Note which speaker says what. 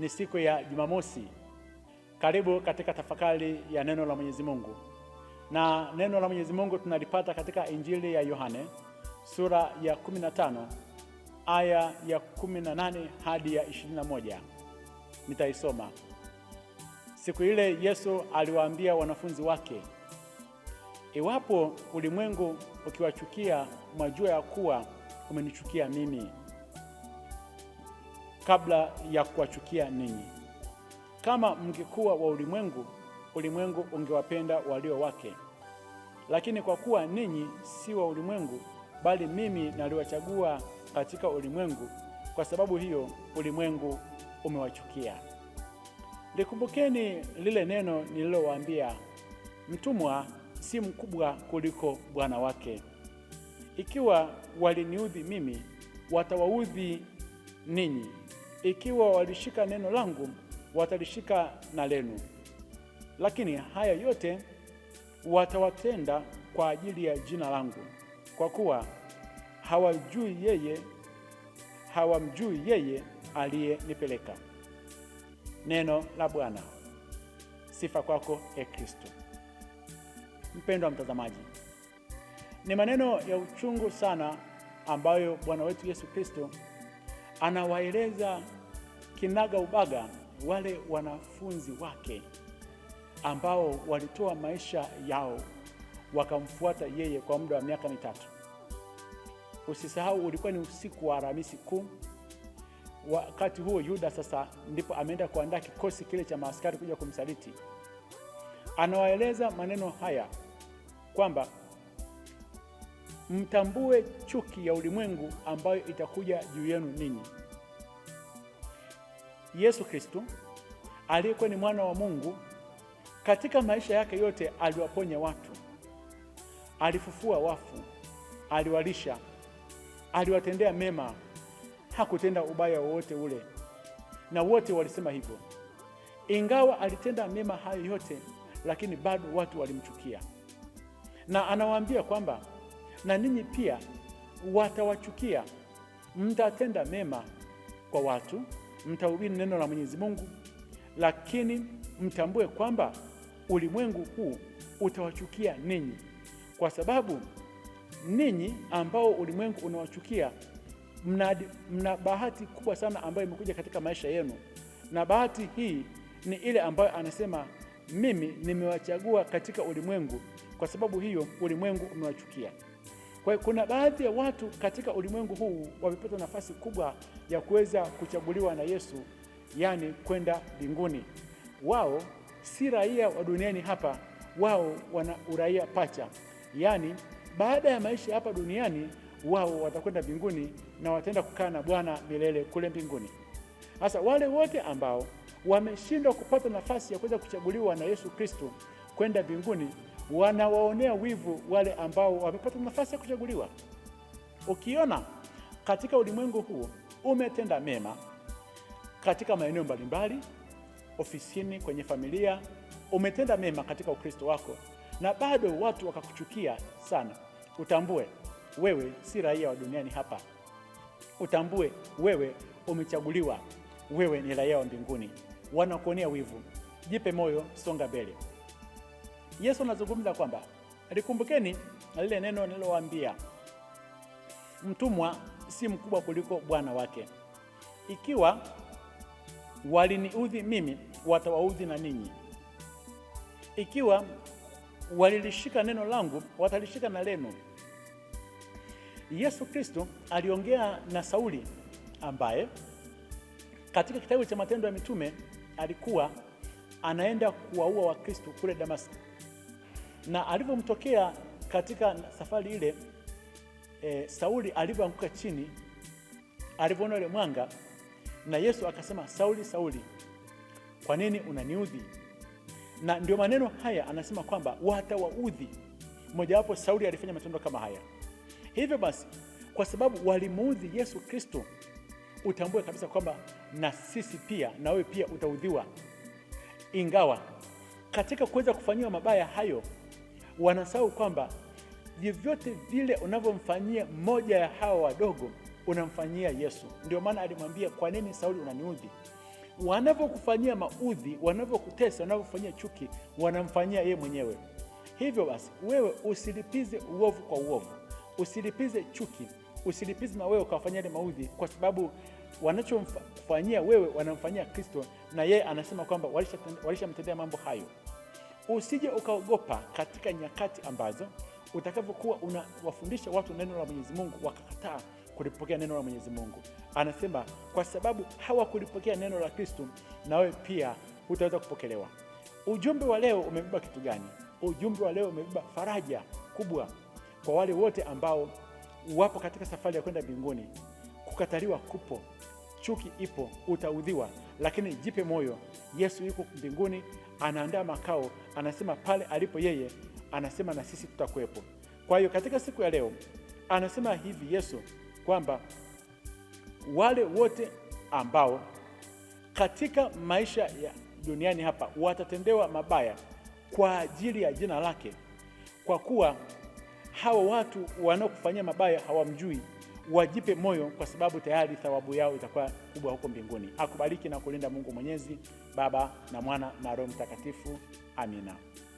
Speaker 1: ni siku ya Jumamosi. Karibu katika tafakari ya neno la Mwenyezi Mungu, na neno la Mwenyezi Mungu tunalipata katika Injili ya Yohane sura ya 15 aya ya 18 hadi ya 21. Nitaisoma. Siku ile Yesu aliwaambia wanafunzi wake, iwapo ulimwengu ukiwachukia, mwajua ya kuwa umenichukia mimi kabla ya kuwachukia ninyi. Kama mngekuwa wa ulimwengu, ulimwengu ungewapenda walio wake, lakini kwa kuwa ninyi si wa ulimwengu, bali mimi naliwachagua katika ulimwengu, kwa sababu hiyo ulimwengu umewachukia. Likumbukeni lile neno nililowaambia, mtumwa si mkubwa kuliko bwana wake. Ikiwa waliniudhi mimi, watawaudhi ninyi. Ikiwa walishika neno langu, watalishika na lenu. Lakini haya yote watawatenda kwa ajili ya jina langu, kwa kuwa hawajui yeye, hawamjui yeye aliyenipeleka. Neno la Bwana. Sifa kwako e Kristo. Mpendwa mtazamaji, ni maneno ya uchungu sana ambayo Bwana wetu Yesu Kristo anawaeleza kinaga ubaga wale wanafunzi wake ambao walitoa maisha yao wakamfuata yeye kwa muda wa miaka mitatu. Usisahau ulikuwa ni usiku wa Alhamisi Kuu. Wakati huo Yuda sasa ndipo ameenda kuandaa kikosi kile cha maaskari kuja kumsaliti. Anawaeleza maneno haya kwamba mtambue chuki ya ulimwengu ambayo itakuja juu yenu ninyi Yesu Kristo aliyekuwa ni mwana wa Mungu, katika maisha yake yote aliwaponya watu, alifufua wafu, aliwalisha, aliwatendea mema, hakutenda ubaya wowote ule, na wote walisema hivyo. Ingawa alitenda mema hayo yote, lakini bado watu walimchukia, na anawaambia kwamba na ninyi pia watawachukia, mtatenda mema kwa watu mtahubiri neno la Mwenyezi Mungu, lakini mtambue kwamba ulimwengu huu utawachukia ninyi, kwa sababu ninyi ambao ulimwengu unawachukia mna, mna bahati kubwa sana ambayo imekuja katika maisha yenu, na bahati hii ni ile ambayo anasema mimi nimewachagua katika ulimwengu, kwa sababu hiyo ulimwengu umewachukia. Kwa hiyo kuna baadhi ya watu katika ulimwengu huu wamepata nafasi kubwa ya kuweza kuchaguliwa na Yesu, yaani kwenda mbinguni. Wao si raia wa duniani hapa, wao wana uraia pacha, yaani baada ya maisha hapa duniani wao watakwenda mbinguni na wataenda kukaa na Bwana milele kule mbinguni. Sasa wale wote ambao wameshindwa kupata nafasi ya kuweza kuchaguliwa na Yesu Kristo kwenda mbinguni wanawaonea wivu wale ambao wamepata nafasi ya kuchaguliwa. Ukiona katika ulimwengu huu umetenda mema katika maeneo mbalimbali, ofisini, kwenye familia, umetenda mema katika Ukristo wako na bado watu wakakuchukia sana, utambue wewe si raia wa duniani hapa. Utambue wewe umechaguliwa, wewe ni raia wa mbinguni. Wanakuonea wivu, jipe moyo, songa mbele. Yesu anazungumza kwamba likumbukeni lile neno nilowaambia, mtumwa si mkubwa kuliko bwana wake. Ikiwa waliniudhi mimi, watawaudhi na ninyi. Ikiwa walilishika neno langu, watalishika na lenu. Yesu Kristo aliongea na Sauli ambaye katika kitabu cha Matendo ya Mitume alikuwa anaenda kuwaua Wakristo kule Damascus na alivyomtokea katika safari ile e, Sauli alivyoanguka chini, alivyoona ile mwanga, na Yesu akasema, Sauli Sauli, kwa nini unaniudhi? Na ndio maneno haya anasema kwamba watawaudhi. Mojawapo Sauli alifanya matendo kama haya. Hivyo basi, kwa sababu walimuudhi Yesu Kristo, utambue kabisa kwamba na sisi pia, na wewe pia utaudhiwa, ingawa katika kuweza kufanyiwa mabaya hayo wanasahau kwamba vyovyote vile unavyomfanyia mmoja ya hawa wadogo unamfanyia Yesu. Ndio maana alimwambia, kwa nini Sauli unaniudhi? Wanavyokufanyia maudhi, wanavyokutesa, wanavyofanyia chuki, wanamfanyia yeye mwenyewe. Hivyo basi, wewe usilipize uovu kwa uovu, usilipize chuki, usilipize na wewe ukawafanyia maudhi, kwa sababu wanachomfanyia wewe wanamfanyia Kristo, na yeye anasema kwamba walishamtendea walisha mambo hayo usije ukaogopa katika nyakati ambazo utakavyokuwa unawafundisha watu neno la Mwenyezi Mungu wakakataa kulipokea neno la Mwenyezi Mungu. Anasema kwa sababu hawakulipokea neno la Kristo, na wewe pia hutaweza kupokelewa. Ujumbe wa leo umebeba kitu gani? Ujumbe wa leo umebeba faraja kubwa kwa wale wote ambao wapo katika safari ya kwenda mbinguni. Kukataliwa kupo Chuki ipo, utaudhiwa, lakini jipe moyo. Yesu yuko mbinguni, anaandaa makao, anasema pale alipo yeye, anasema na sisi tutakuwepo. Kwa hiyo katika siku ya leo anasema hivi Yesu kwamba wale wote ambao katika maisha ya duniani hapa watatendewa mabaya kwa ajili ya jina lake, kwa kuwa hawa watu wanaokufanyia mabaya hawamjui wajipe moyo kwa sababu tayari thawabu yao itakuwa kubwa huko mbinguni. Akubariki na kulinda Mungu Mwenyezi, Baba na Mwana na Roho Mtakatifu. Amina.